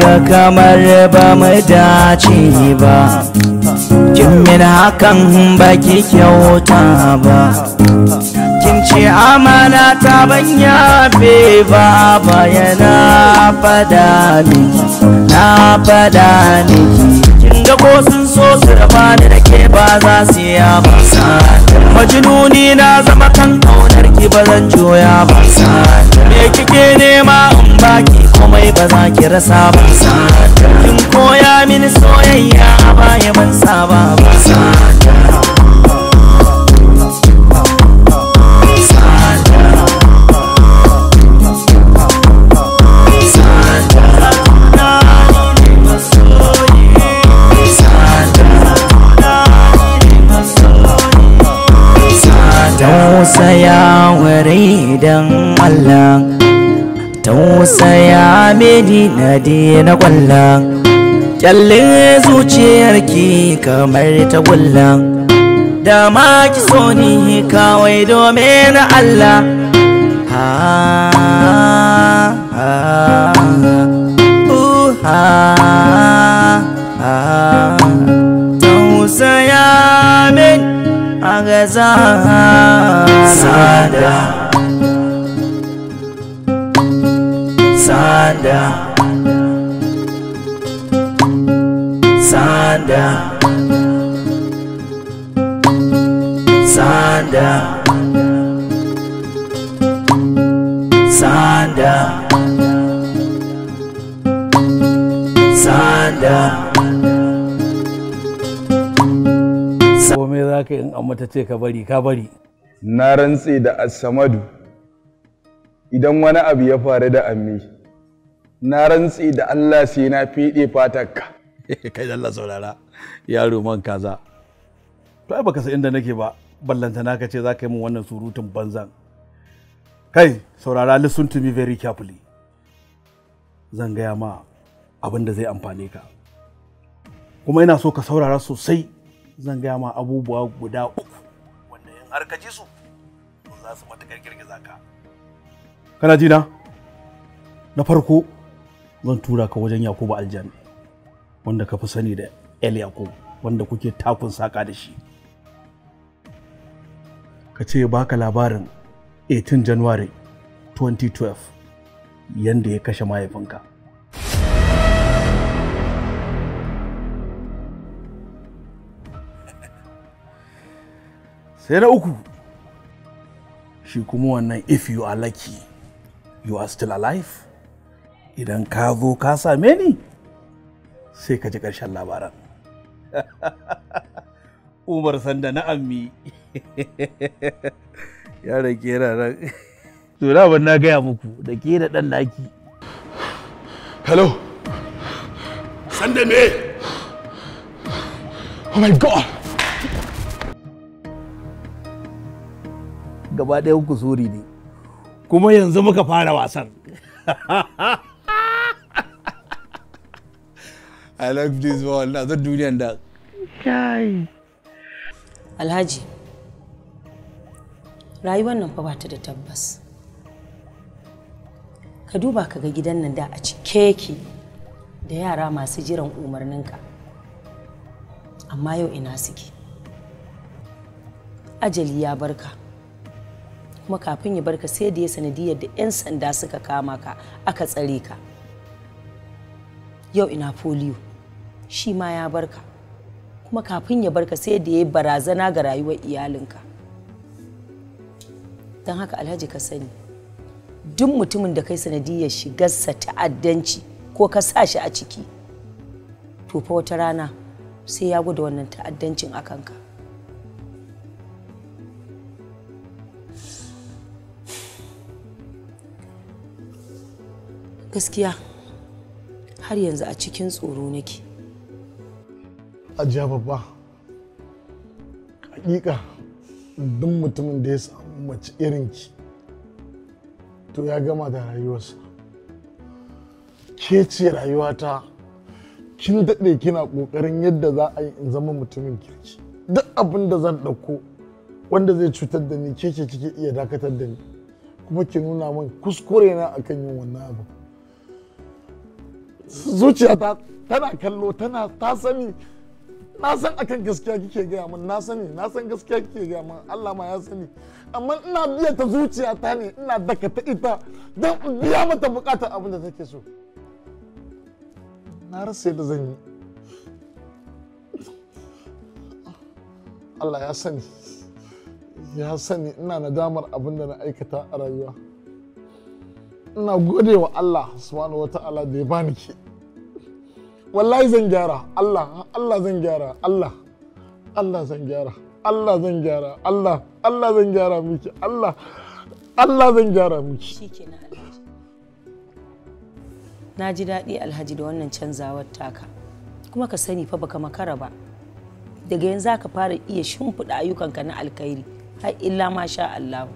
ga kamar ba mu dace ba kin min hakan ba ki kyauta ba kin ce amana ta ban yafe ba yana fada ni na fada ni. kin ga ko sun so su raba ni da ke ba za su yi ba majinuni na zama kan kaunar ki ba zan joya ba me kike nema baki komai ba za ki rasa ba kin koya mini soyayya baya ban saba ba komedi na na kwalla kyalle zuciyarki kamar ta gulla da ma ki so ni kawai domin Allah ha ha ha ha min a ha sada Sanda Sanda Sanda Sanda Sanda Sanda za ka yi in amma ta ce ka bari ka bari na rantse da asamadu idan wani abu ya faru da ammi na rantsi da Allah sai na fiɗe fatarka kai da Allah saurara yaro man kaza to ai baka san inda nake ba ballanta naka ce za ka yi min wannan surutun banzan kai saurara listen to me very carefully zan gaya ma abin da zai amfane ka kuma ina so ka saurara sosai zan gaya ma abubuwa guda uku wanda in har ka su za su matuƙar girgiza ka kana jina na farko zan tura ka wajen yakubu aljani wanda ka fi sani da el yakubu wanda kuke takun saƙa da shi ka ce baka labarin 18 january 2012 yadda ya kashe mahaifinka sai na uku shi kuma wannan if you are lucky you are still alive idan ka zo ka same ni sai ka ji ƙarshen labaran umar sanda na ammi yaron ke ranar tura ban na gaya muku da ke da ɗan naki hello sanda me oh my god gaba ɗaya ku ne kuma yanzu muka fara wasan I like this wall. Na zan duniyan da. Kai. Alhaji. Rayuwar nan fa bata da tabbas. Ka duba ka ga gidan nan da a cike yake da yara masu jiran umarninka. Amma yau ina suke. Ajali ya barka. kuma kafin ya barka sai da ya sanadiyar da 'yan sanda suka kama ka aka tsare ka. yau ina foliyo shi ma ya barka kuma kafin ya barka sai da ya barazana ga rayuwar iyalinka don haka alhaji ka sani duk mutumin da kai sanadiyar shigarsa ta'addanci ko ka sa shi a ciki to fa wata rana sai ya gwada wannan ta'addancin a kanka gaskiya har yanzu a cikin tsoro nake ajiya babba hakika duk mutumin da ya samu mace ki to ya gama da rayuwarsa ke ce rayuwata kin daɗe kina ƙoƙarin yadda za a yi in zama mutumin kirki duk abin da zan ɗauko wanda zai cutar da ni ke ce kike iya dakatar da ni kuma ki nuna min kuskure na akan yin wannan abu zuciyata tana kallo tana ta sani na san akan gaskiya kike gaya min na sani na san gaskiya kike gaya mun Allah ma ya sani amma ina biya ta zuciya ta ne ina daka ta ita don in biya mata bukatar abin da take so na rasa yadda zan yi Allah ya sani ya sani ina nadamar abin da na aikata a rayuwa ina gode wa Allah subhanahu wata'ala da ya bani ke wallahi zan gyara Allah Allah zan gyara Allah Allah zan gyara Allah zan gyara Allah Allah zan gyara miki Allah Allah zan gyara miki na ji daɗi alhaji da wannan canzawar taka kuma ka sani fa baka makara ba daga yanzu za ka fara iya shimfiɗa ayyukanka na alkhairi har illa ma sha Allah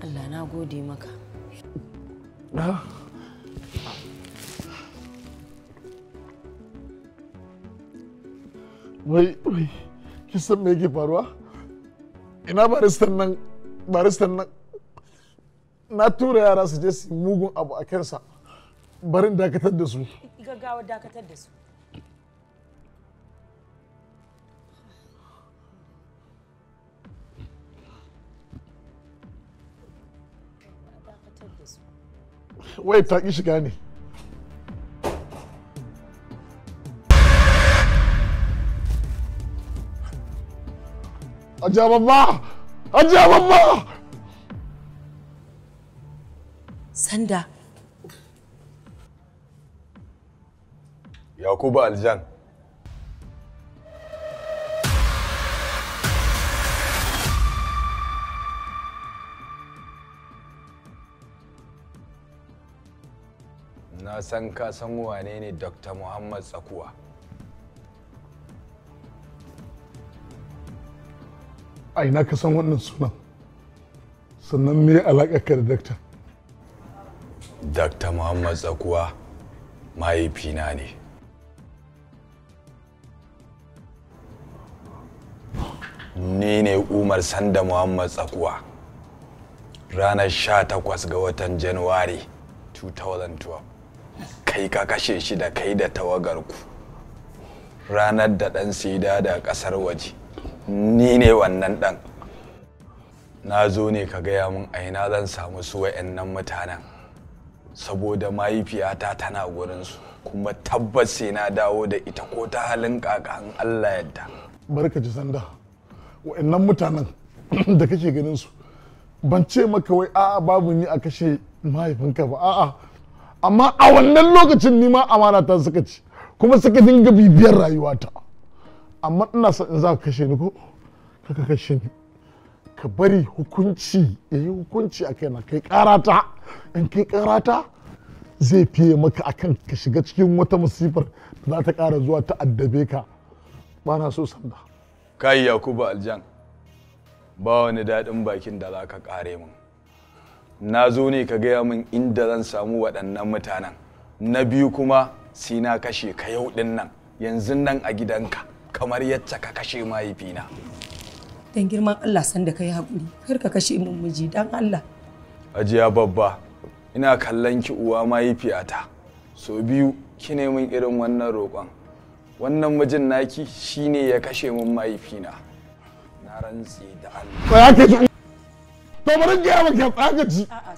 Allah na gode maka ah. wai wai kin san me yake faruwa ina baristan nan baristan nan na tura yara su je su mugun abu a kansa barin dakatar da su gaggawa dakatar da su wai ta ki shiga ne mı? Acaba mı? Sen Sanda. Yakubu Aljan. Na san ka san wane ne Dr. Muhammad Tsakuwa. a ina ka san wannan sunan sannan me alaƙa ka da dakta dakta muhammad tsakuwa mahaifina ne ni ne umar sanda muhammad tsakuwa ranar 18 ga watan januwari 2012 kai ka kashe shi da kai da tawagarku ranar da ɗan sida da ƙasar waje ni ne wannan ɗan na zo ne ka gaya mun a ina zan samu su wayannan mutanen saboda mahaifiyata tana su, kuma tabbas sai na dawo da ita ko ta halin kakan allah yadda barka ji sanda wayannan mutanen da kake ganin su ban ce maka wai a'a babu ni a kashe mahaifinka ba a'a amma a wannan lokacin ni ma amana ta suka ci kuma suka dinga bibiyar rayuwata amma ina son in za ka kashe ni ko ka kashe ni ka bari hukunci ya yi hukunci a kai na kai karata in kai karata zai fiye maka akan ka shiga cikin wata musifar da za ta kara zuwa ta addabe ka ba na so sanda kai yakubu aljan ba wani daɗin bakin da za ka kare min na zo ne ka gaya min inda zan samu waɗannan mutanen na biyu kuma sai na kashe ka yau ɗin nan yanzu nan a gidanka kamar yacce ka kashe mahaifina. Dan girman Allah san da kai hakuri, kar ka kashe min miji dan Allah. Ajiya babba, ina kallon ki uwa mahaifiyata. So biyu ki min irin wannan roƙon. Wannan mijin naki shine ya kashe min mahaifina. Na rantsi da Allah. To bari ga maka tsagaci. A'a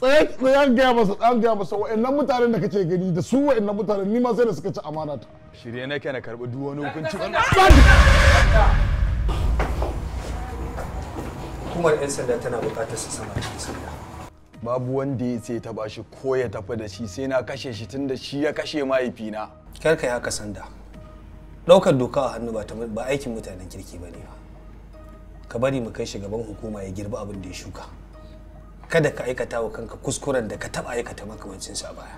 tsaye tsaye an gaya masa an gaya masa wa'annan mutanen da kake gani da su wa'annan mutanen ni ma sai da suka ci amana ta shirye nake na karɓi duk wani hukunci hukumar 'yan sanda tana buƙatar su sama cikin sanda babu wanda ya ce ta bashi ko ya tafi da shi sai na kashe shi tun da shi ya kashe mahaifina kar ka haka sanda ɗaukar doka a hannu ba aikin mutanen kirki ba ne ba ka bari mu kai shi gaban hukuma ya girbi abin da ya shuka kada ka aikata wa kanka kuskuren da ka taba aikata makamancin sa baya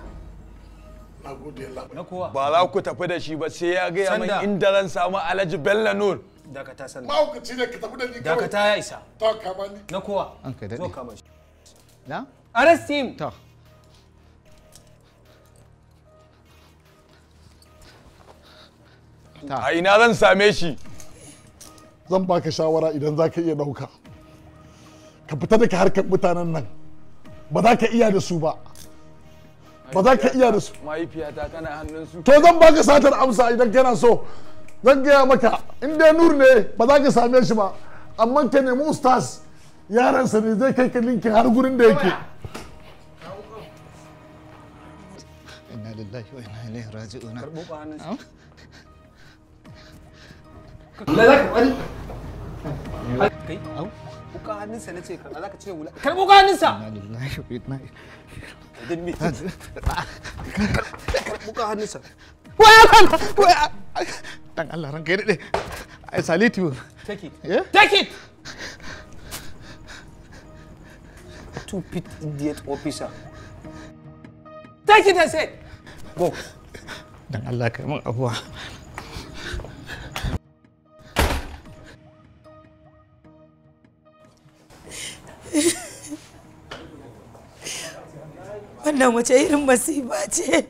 ba za ku tafi da shi ba sai ya gaya min inda zan samu alhaji bello nur dakata sanda ci ne ka tafi da ni dakata ya isa to ba ni na kowa an ka daɗe shi na arrest him to a ina zan same shi zan baka shawara idan za ka iya ɗauka ka fita daga harkar mutanen nan ba za ka iya da su ba ba za ka iya da su kana hannun su to zan baka satar amsa idan kana so zan gaya maka in dai nur ne ba za ka same shi ba amma ka nemi ustaz yaransa ne zai kai ka linkin har gurin da yake inna lillahi wa inna ilaihi raji'un karbo ba nan wuka hannunsa na ce karɓa wula wuka hannunsa idan me wuka hannunsa dan Allah ranka take it eh? take it idiot officer take it I said go dan Allah abuwa wannan wace irin masifa ce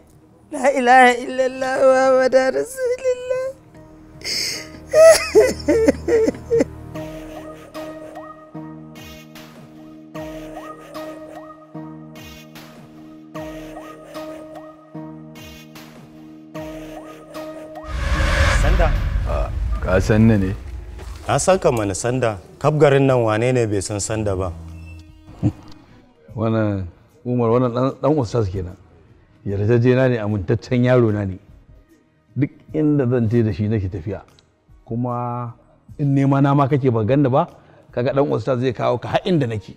na ilaha illallah wa wada rasulillah sanda ka san ne ka san ka mana sanda kaf garin nan wane ne bai san sanda ba wannan umar wannan dan ustaz kenan yarjejena ne amintaccen yaro na ne duk inda zan je da shi nake tafiya kuma in nema na ma kake ba ganda ba kaga dan ustaz zai kawo ka har inda nake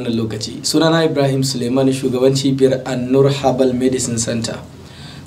wannan lokaci sunana ibrahim suleiman shugaban cibiyar annur herbal medicine center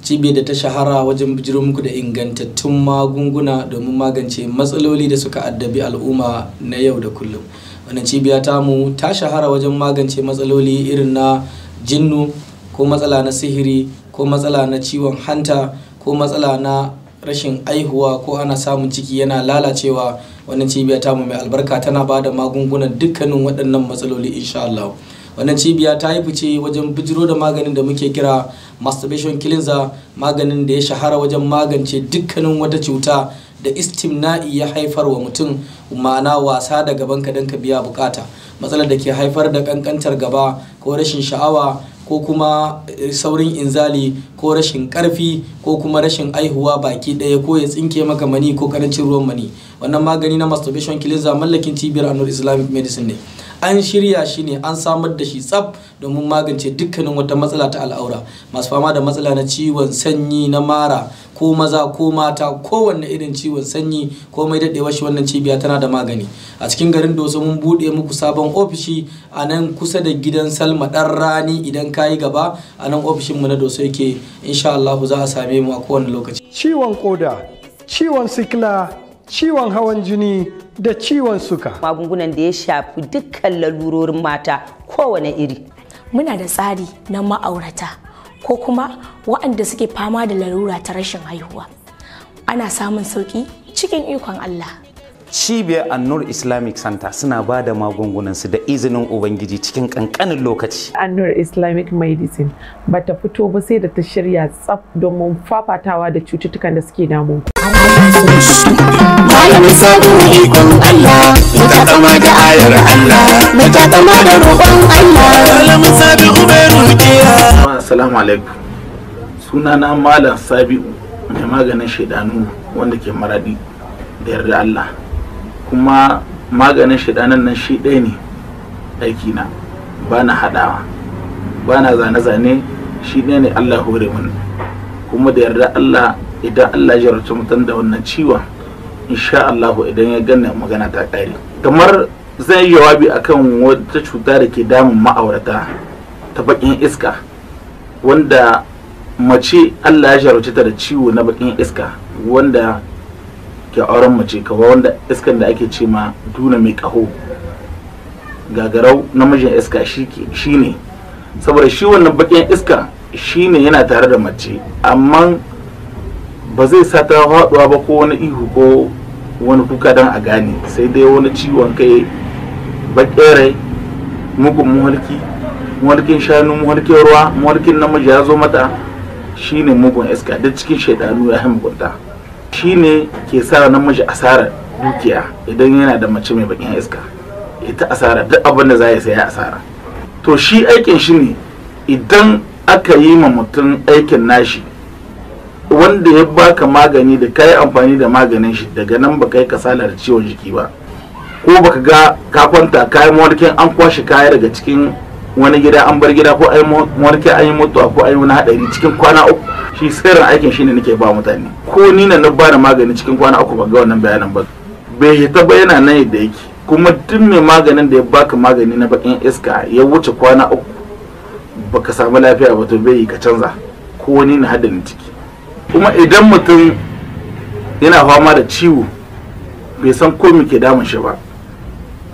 cibiyar da ta shahara wajen bijiro muku da ingantattun magunguna domin magance matsaloli da suka addabi al'umma na yau da kullum wannan cibiya mu ta shahara wajen magance matsaloli irin na jinnu ko matsala na sihiri ko matsala na ciwon hanta ko matsala na rashin aihuwa ko ana samun ciki yana lalacewa wannan cibiya ta mai albarka tana ba da magungunan dukkanin waɗannan matsaloli insha Allah wannan cibiya ta yi fice wajen bijiro da maganin da muke kira masturbation cleanser maganin da ya shahara wajen magance dukkanin wata cuta da istimna'i ya haifar wa mutum ma'ana wasa da gaban ka don ka biya bukata matsalar da ke haifar da kankantar gaba ko rashin sha'awa ko kuma eh, saurin inzali ko rashin karfi ko kuma rashin aihuwa baki daya ko ya tsinke maka mani ko karancin ruwan mani wannan magani na masturbation kiliza mallakin cibiyar anur islamic medicine ne an shirya shi ne an samar da shi tsaf domin magance dukkanin wata matsala ta al'aura masu fama da matsala na ciwon sanyi na mara ko maza ko mata kowanne irin ciwon sanyi ko mai daɗewa shi wannan cibiya tana da magani a cikin garin dosa mun buɗe muku sabon ofishi a nan kusa da gidan salma ɗan rani idan ka yi gaba a nan ofishin mu na doso yake insha Allah za a same mu a kowane lokaci ciwon koda ciwon sikila ciwon hawan jini da ciwon suka. Magungunan da ya shafi dukkan lalurorin mata kowane iri. Muna da tsari na ma'aurata ko kuma waɗanda suke fama da larura ta rashin haihuwa. Ana samun sauƙi cikin ikon Allah. Cibiyar Annur Islamic Center suna ba da magungunansu da izinin Ubangiji cikin ƙanƙanin lokaci. Annur Islamic Medicine bata fito ba sai da ta shirya tsaf domin fafatawa da cututtukan da suke damu. malami sabon ikon Allah mu ta kama da ayar Allah mu ta kama da roƙon Allah malami sabi'u mai rukiya assalamu alaikum sunana malam sabi'u mai maganin shaidanu wanda ke maradi da yarda Allah kuma maganin shaidanan nan shi ɗaya ne aiki na ba na haɗawa ba na zane-zane shi ɗaya ne Allah hore mun kuma da yarda Allah idan Allah ya jarrace mutum da wannan ciwon insha Allah idan ya gane magana ta ƙare kamar zai yi jawabi akan wata cuta da ke damun ma'aurata ta bakin iska wanda mace Allah ya jarumce ta da ciwo na bakin iska wanda ke auren mace kawai wanda iskan da ake ce ma duna mai ƙaho gagarau namijin iska shi ne saboda shi wannan bakin iska shi ne yana tare da mace amma ba zai sa ta haɗuwa ba ko wani ihu ko wani kuka don a gane sai dai wani ciwon kai bakere mugun muhalki muhalkin shanu muhalkin ruwa muhalkin namiji ya zo mata ne mugun iska duk cikin shaidanu ya shi ne ke sa namiji asarar dukiya idan yana da mace mai bakin iska ita asara duk abin da za ya sai asara to shi aikin shi ne idan aka yi ma mutum aikin nashi wanda ya baka magani da kai amfani da maganin shi daga nan baka yi kasala da ciwon jiki ba ko baka ga ka kwanta kai mawarkin an kwashe kaya daga cikin wani gida an bar gida ko ai mawarki an yi mutuwa ko ai wani haɗari cikin kwana uku shi sirrin aikin shine nake ba mutane ko ni na ba da magani cikin kwana uku ba ga wannan bayanan ba bai hita ba yana nan yadda yake kuma duk mai maganin da ya baka magani na bakin iska ya wuce kwana uku baka samu lafiya ba to bai yi ka canza ko wani na hadarin ciki kuma idan mutum yana fama da ciwo bai san ko me ke damun shi ba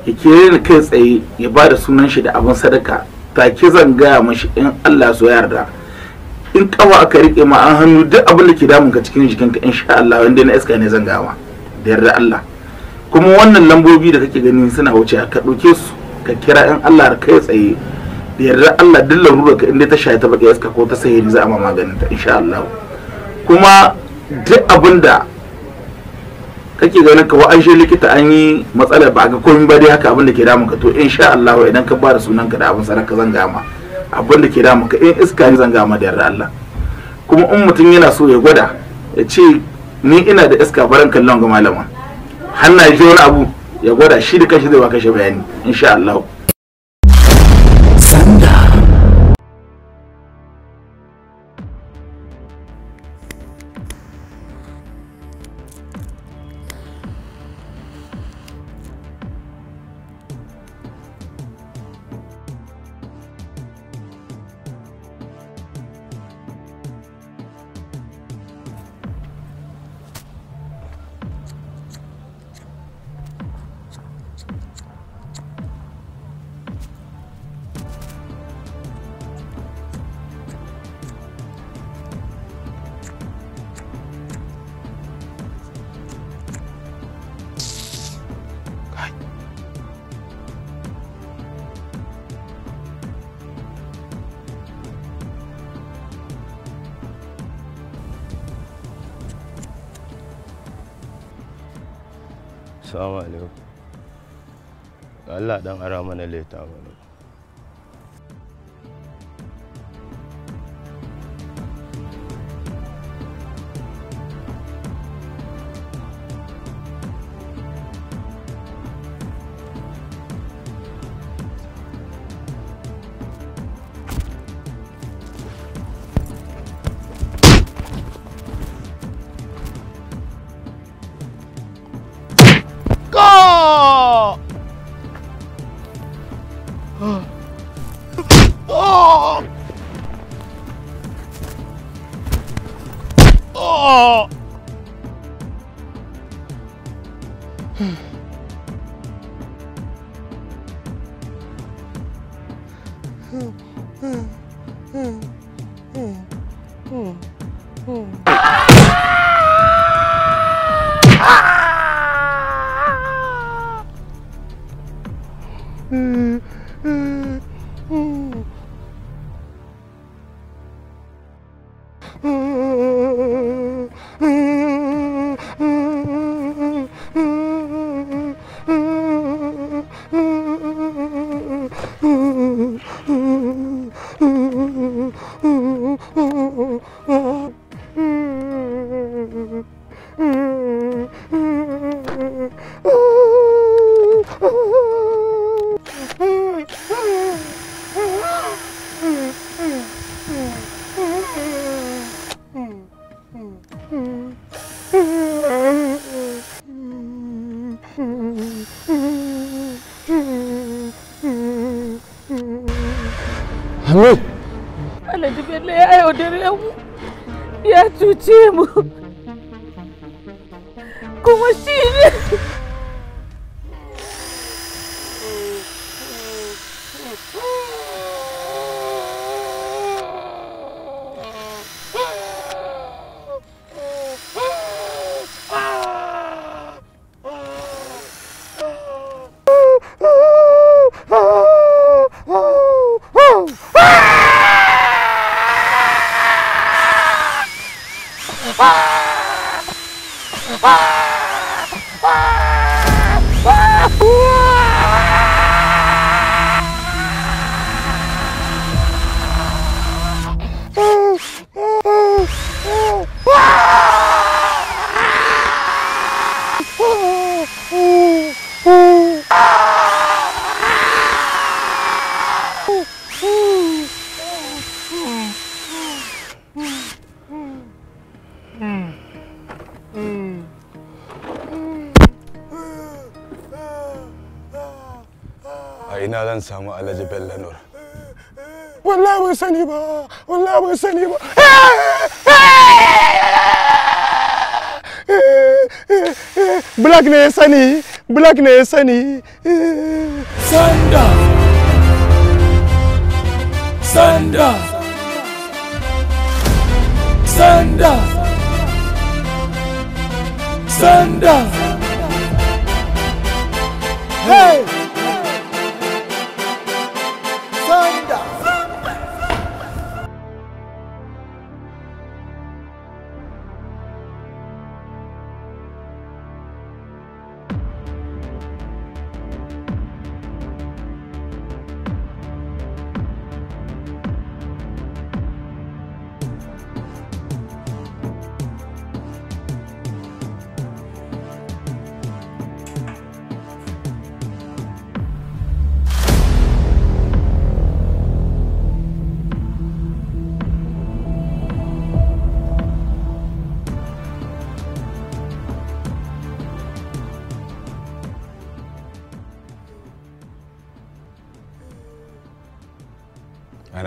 ya kere ni kai tsaye ya ba da sunan shi da abin sadaka take zan gaya mashi in Allah so yarda in kawa aka rike ma an hannu duk abin da ke damun ka cikin jikinka insha Allah wanda na iska ne zan gawa da yarda Allah kuma wannan lambobi da kake gani suna wuce ka ɗauke su ka kira in Allah da kai tsaye da yarda Allah duk larurar ka inda ta shaye ta baka iska ko ta sayi za a ma maganin ta insha Allah kuma duk abin da kake ganin ka an shi likita an yi matsala ba ga komai ba dai haka abin da ke damu ka to insha Allah idan ka ba da sunan ka da abin sadaka zan gama abin da ke damu ka in iska ne zan gama da yarda Allah kuma in mutum yana so ya gwada ya ce ni ina da iska baran kallon ga malama hannaye ji wani abu ya gwada shi da kashi zai ba kashe bayani insha Allah dan ara mana leta Ah! Ah! Sama samu alhaji bello nur wallahi ban sani ba wallahi ban sani ba black ne ya sani black ne ya hey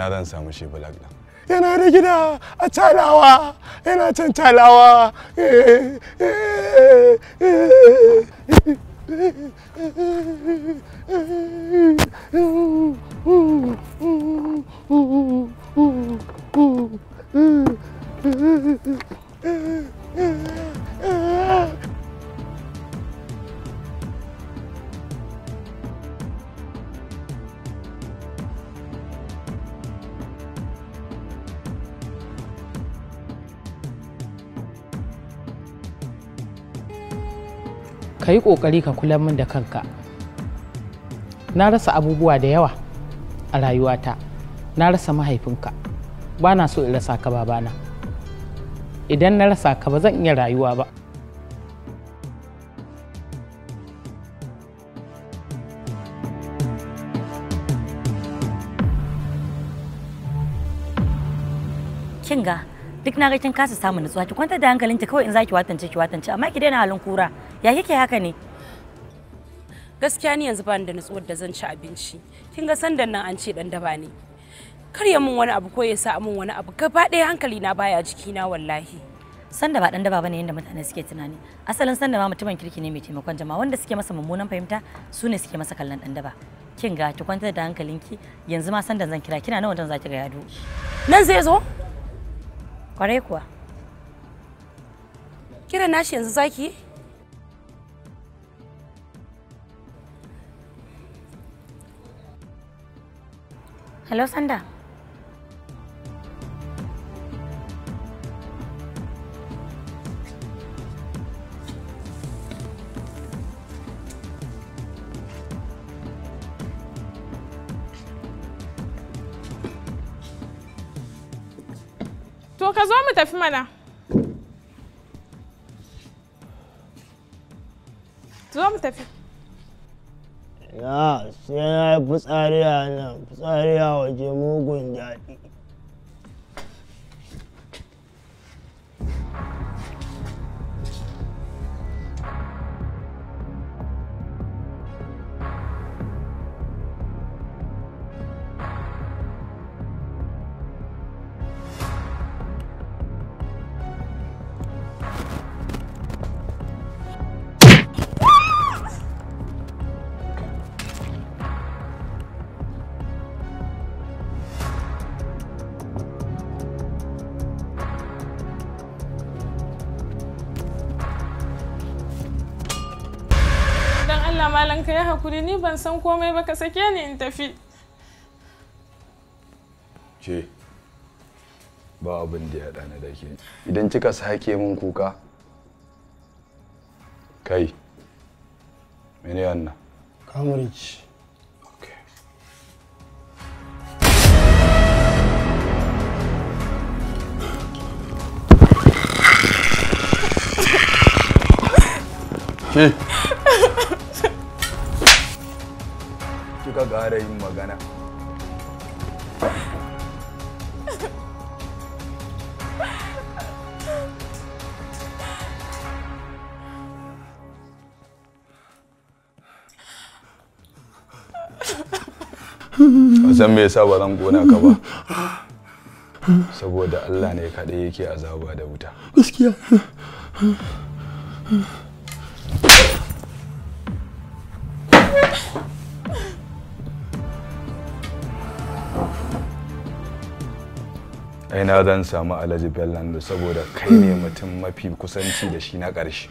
ina zan samu shi black ɗin yana da gida a talawa yana can talawa eh, eh, eh, ka yi ƙoƙari ka kula min da kanka na rasa abubuwa da yawa a rayuwata na rasa mahaifinka ba na so in rasa ka babana idan na rasa ka ba zan iya rayuwa ba duk na ga kin kasa samu nutsuwa ki kwanta da hankalin ki kawai in zaki watance ki watance amma ki daina halin kura ya kike haka ne gaskiya ni yanzu bani da nutsuwar da zan ci abinci kin ga sandan nan an ce dan daba ne kar ya mun wani abu ko ya sa mun wani abu gaba ɗaya hankali na baya jiki na wallahi sanda ba dan daba bane yanda mutane suke tunani asalin sanda ma mutumin kirki ne mai taimakon jama'a wanda suke masa mummunan fahimta su ne suke masa kallon dan daba kin ga ki kwanta da hankalinki yanzu ma sandan zan kira kina nawa dan zaki ga yado nan zai zo Kwarai kuwa. Kira nashi yanzu zaki? Hello Sanda. ka zo mu tafi mana. Zo mu tafi. Ya, sai na yi fitsari a nan, fitsari a waje mugun daɗi. malam ka yi hakuri ni ban san komai ba ka sake ni in tafi ce ba abin da ya dana da ke idan kika sake min kuka kai mene wannan kamurici Okay. kika ƙara yin magana san me yasa ba zan gona ka ba saboda Allah ne kaɗai yake azaba da wuta gaskiya ai na zan samu alhaji bellan saboda kai ne mutum mafi kusanci da shi na ƙarshe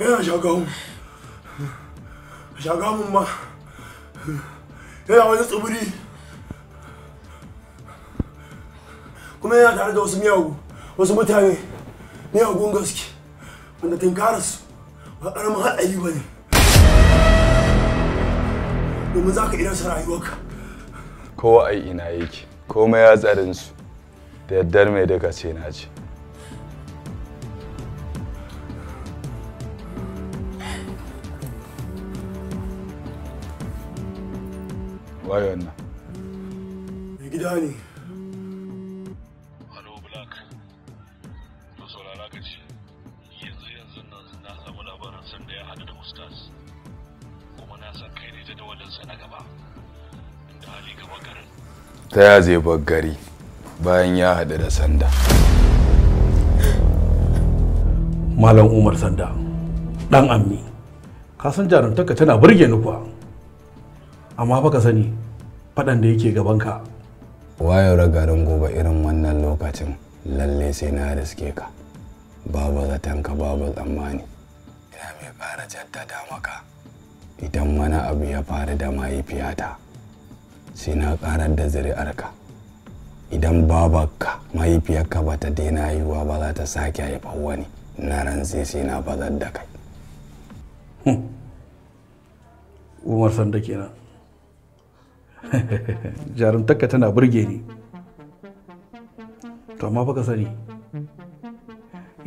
yana shagamu shagamun ma yana wani tsibiri kuma yana tare da wasu miyagu wasu mutane miyagun gaske wanda tunkararsu ba ƙaramin haɗari ba ne domin za ka idan sa rayuwarka kowa ai ina yake komai ya tsarin da yaddar mai daga ce na ce waye wannan mai gida ne Hello Black, to saurara ka yanzu yanzu nan na samu labarin sanda ya hadu da Ustaz. Taya ta ya zai bar gari bayan ya haɗu da sanda malam umar sanda ɗan ammi ka san jarumtaka tana burge ni kuwa amma baka sani faɗan da yake gaban ka. wayo ragarin gobe irin wannan lokacin lalle sai na riske ka babu zaton ka babu tsammani ina mai fara jaddada maka idan wani abu ya faru da mahaifiyata sai na karar da zuri'arka idan babarka mahaifiyarka ba ta daina haihuwa ba za ta sake haifar wani na rantse sai na bazar da kai hmm. umar sanda kenan jarumtarka tana burge ni to amma baka sani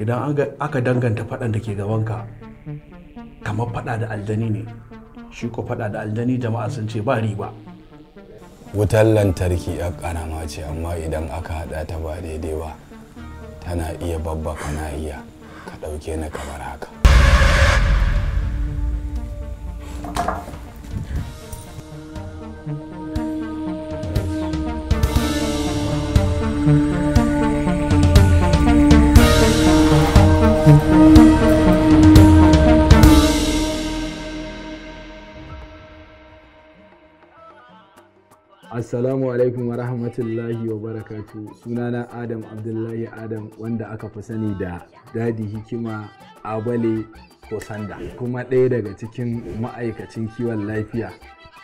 idan aka danganta faɗan da ke gabanka kamar faɗa da aljani ne shi ko faɗa da aljani jama'a sun ce ba riba wutar lantarki a karama ce amma idan aka haɗa ta ba daidai ba tana iya babba kana iya ka ɗauke na kamar haka thank you Assalamu alaikum wa rahmatullahi wa barakatu sunana Adam Abdullahi Adam wanda aka fi sani da Dadi Hikima Abale ko sanda. kuma ɗaya daga cikin ma'aikacin kiwon lafiya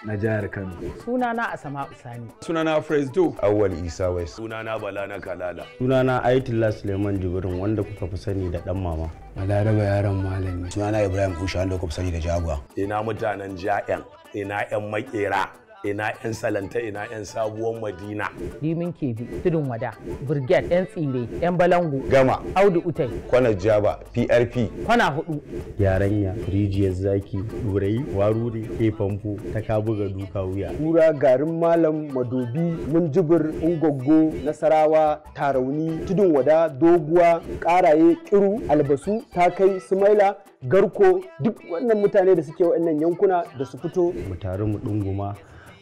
na jihar Kano. Sunana Asama Usani. Sunana Fresdo. Awwal Isa Wai. Sunana Bala na Kalala. Sunana Aitila Suleiman Jibrin wanda kuka fi sani da ɗan mama. Balaraba yaron malami. Sunana Ibrahim Usha wanda kuka fi sani da Jagwa. Ina mutanen ja'yan, ina 'yan makera. ina 'yan salanta ina 'yan sabuwar madina limin kebi tudun wada birget 'yan tsire 'yan balangu. gama audu utai kwana jaba prp kwana hudu yaranya rijiyar zaki durai warure ke famfo ta kabuga duka wuya kura garin malam madobi munjibir ungoggo nasarawa tarauni tudun wada doguwa karaye kiru albasu ta kai sumaila garko duk wannan mutane da suke wa'annan yankuna da su fito mu tare mu ɗunguma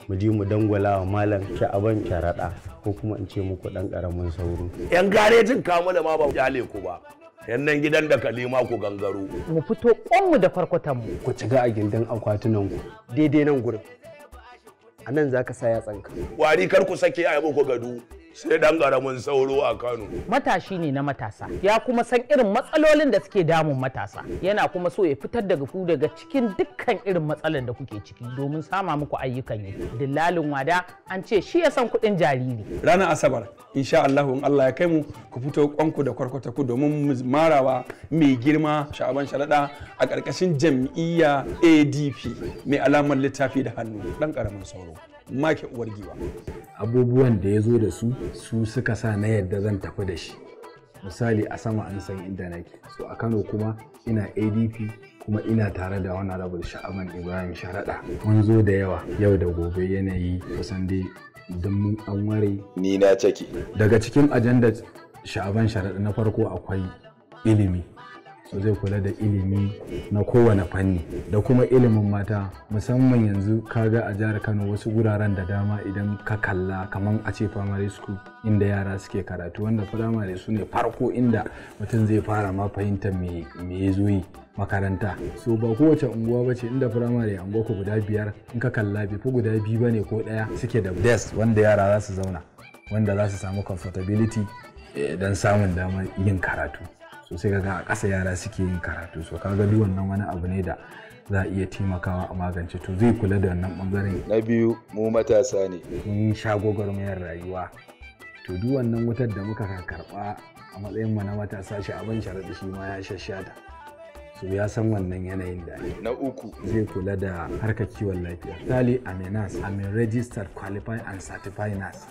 mu ji mu dangwala wa malam sha'aban sharaɗa ko kuma in ce muku ɗan ƙaramin sauro. yan garejin kamu da ma ba kyale ku ba yan gidan da kalima ku gangaro. mu fito ƙwanmu da farkwatan mu. ku cika a gindin akwatunan ku daidai nan gurin a nan za ka sa yatsanka. wari kar ku sake a yi muku gado. sai dan karamin sauro a Kano. Matashi ne na matasa, ya kuma san irin matsalolin da suke damun matasa. Yana kuma so ya fitar daga ku daga cikin dukkan irin matsalar da kuke ciki domin sama muku ayyukan yi. Dillalin wada an ce shi ya san kuɗin jariri. Ranar Asabar, insha Allah in Allah ya kai mu ku fito kwanku da kwarkwata ku domin marawa mai girma sha'aban sharaɗa a ƙarƙashin jam'iyya ADP mai alamar littafi da hannu ɗan ƙaramin sauro. make uwar abubuwan da ya zo da su su suka sa na yadda zan tafi da shi misali a sama an san inda nake so a kano kuma ina adp kuma ina tare da wani rabu sha'aban ibrahim sharaɗa mun zo da yawa yau da gobe yanayi kusan dai don mun an ware ni na caki daga cikin ajandar sha'aban sharaɗa na farko akwai ilimi zai kula da ilimi na kowane fanni da kuma ilimin mata musamman yanzu kaga a jihar kano wasu wuraren da dama idan ka kalla kamar a ce primary school inda yara suke karatu wanda primary su ne farko inda mutum zai fara ma fahimtar me ya zo makaranta so ba kowace unguwa ba ce inda firamare unguwa ku guda biyar in ka kalla bifi fi guda biyu ba ne ko ɗaya suke da des wanda yara za su zauna wanda za su samu comfortability eh, don samun damar yin karatu so sai kaga a ƙasa yara suke yin karatu so kaga duk wannan wani abu ne da za a iya taimakawa a magance to zai kula da wannan bangaren na biyu mu matasa ne mun sha gwagwarmayar rayuwa to duk wannan wutar da muka karɓa a matsayin mu na matasa shi abin sharaɗi shi ma ya shashata su ya san wannan yanayin da ne na uku zai kula da harkar kiwon lafiya tali aminas amin registered qualified and certified nurse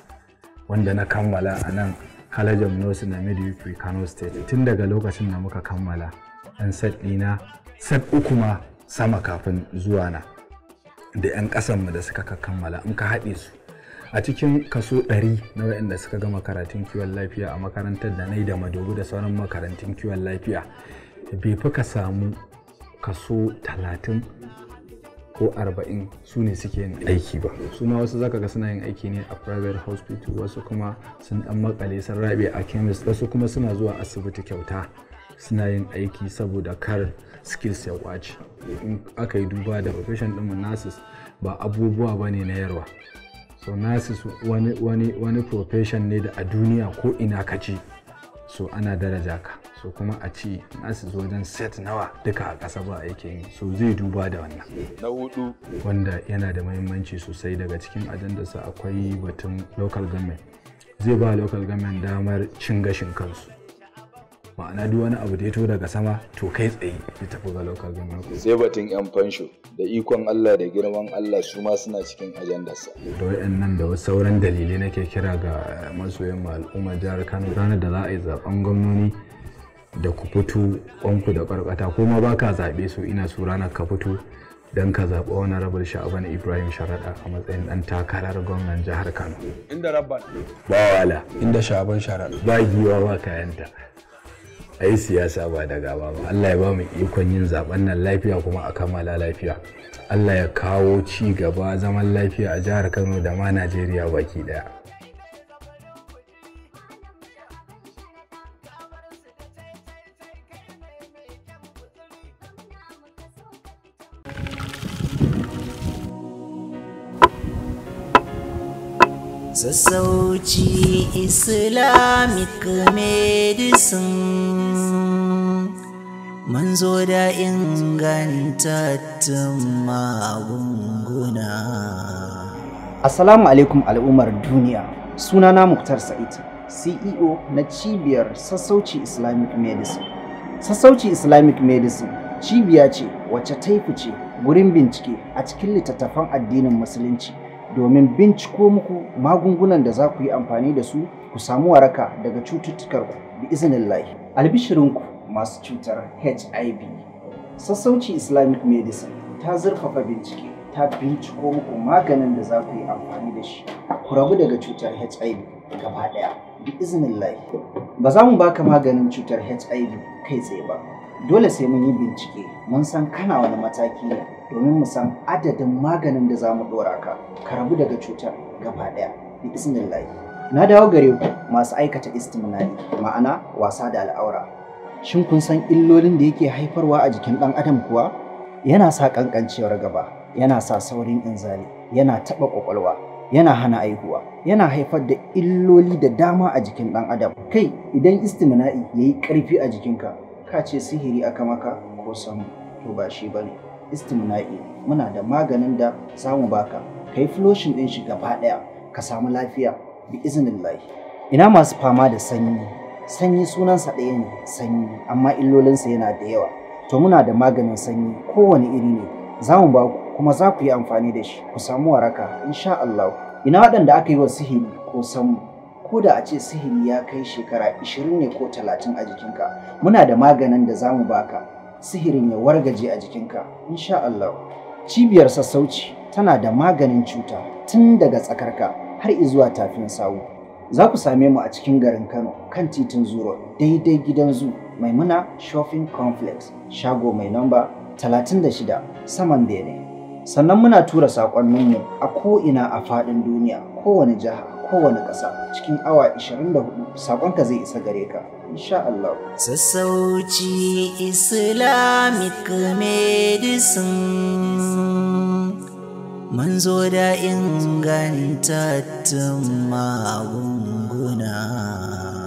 wanda na kammala a nan Halajam Nosi na Midwifery Kano State tun daga lokacin da muka kammala yan set ɗina set uku ma sama kafin zuwa na da 'yan ƙasanmu da suka kammala in ka haɗe su a cikin kaso 100 na waɗanda suka gama karatun kiwon lafiya a makarantar da na yi da madogu da sauran makarantun kiwon lafiya bai fi ka samu kaso talatin. ko arba'in su ne suke yin aiki ba su ma wasu zaka ga suna yin aiki ne a private hospital wasu kuma sun dan makale sun rabe a chemist wasu kuma suna zuwa asibiti kyauta suna yin aiki saboda kar skills ya kwace in aka yi duba da profession ɗinmu nurses ba abubuwa ba ne na yarwa so nurses wani, wani, wani profession ne da a duniya ko ina ka ce so ana daraja ka so kuma a ci nasu zo wajen set nawa duka a ƙasa ba yake yi so zai duba da wannan na hudu wanda yana da mahimmanci sosai daga cikin ajandarsa akwai batun local government zai ba local government damar cin gashin kansu ma'ana duk wani abu da ya to daga sama to kai tsaye ya tafi ga local government sai batun yan fansho da ikon Allah da girman Allah su ma suna cikin ajandarsa da wayannan da wasu sauran dalilai nake kira ga masoyan mu al'umma jihar Kano ranar da za a yi zaben gwamnoni da ku fito kwanku da barkata ko ma ka zabe su ina su ranar ka fito don ka zaɓi wani rabar sha'aban ibrahim sharaɗa a matsayin ɗan takarar gwamnan jihar kano inda rabban ba wala inda sha'aban sharaɗa ba giwa ba kayanta a yi siyasa ba da gaba ba Allah ya ba mu ikon yin zaben nan lafiya kuma a kammala lafiya Allah ya kawo ci gaba zaman lafiya a jihar Kano da ma Najeriya baki daya sassauci islamic medicine manzo da ingantattun magunguna assalamu alaikum al'ummar duniya sunana muktar sa'id ceo na cibiyar sassauci islamic medicine sassauci islamic medicine cibiya ce wacce ta fice gurin bincike a cikin littattafan addinin musulunci domin binciko muku magungunan da za ku yi amfani da su ku samu waraka daga cututtukarku bi izinin lahi. Albishirinku masu cutar HIV. Sassauci Islamic Medicine ta zurfafa bincike ta binciko muku maganin da za ku yi amfani da shi ku rabu daga cutar HIV gaba ɗaya bi izinin lahi. Ba za mu baka maganin cutar HIV kai tsaye ba. Dole sai mun yi bincike mun san kana wani mataki ne domin mu san adadin maganin da za mu ɗora ka ka rabu daga cutar gaba ɗaya bi na dawo gare ku masu aikata istimnai ma'ana wasa da al'aura shin kun san illolin da yake haifarwa a jikin ɗan adam kuwa yana sa ƙanƙancewar gaba yana sa saurin inzali yana taɓa ƙwaƙwalwa yana hana aihuwa yana haifar da illoli da dama a jikin ɗan adam kai idan istimna'i ya yi ƙarfi a jikinka ka ce sihiri aka maka ko samu to ba shi ba istimna'i muna da maganin da samu baka ka yi floshin ɗin shi gaba ɗaya ka samu lafiya bi izinin ina masu fama da sanyi sanyi sunansa ɗaya ne sanyi amma illolinsa yana da yawa to muna da maganin sanyi kowane iri ne za mu ba ku kuma za ku yi amfani da shi ku samu waraka insha Allah ina waɗanda aka yi wa sihiri ko samu ko da a ce sihiri ya kai shekara 20 ne ko 30 a jikinka muna da maganin da za mu baka sihirin ya wargaje a jikinka insha Allah cibiyar sassauci tana da maganin cuta tun daga tsakarka har izuwa tafin sawu za ku same mu a cikin garin Kano kan titin Zuro daidai gidan zu Maimuna Shopping Complex shago mai namba 36 saman bene sannan muna tura saƙonninmu a ko ina a faɗin duniya kowane jiha kowane ƙasa cikin awa 24 saƙonka zai isa gare ka insha Allah. Sassauci Islamic Medicine Manzo da ingantattun magunguna.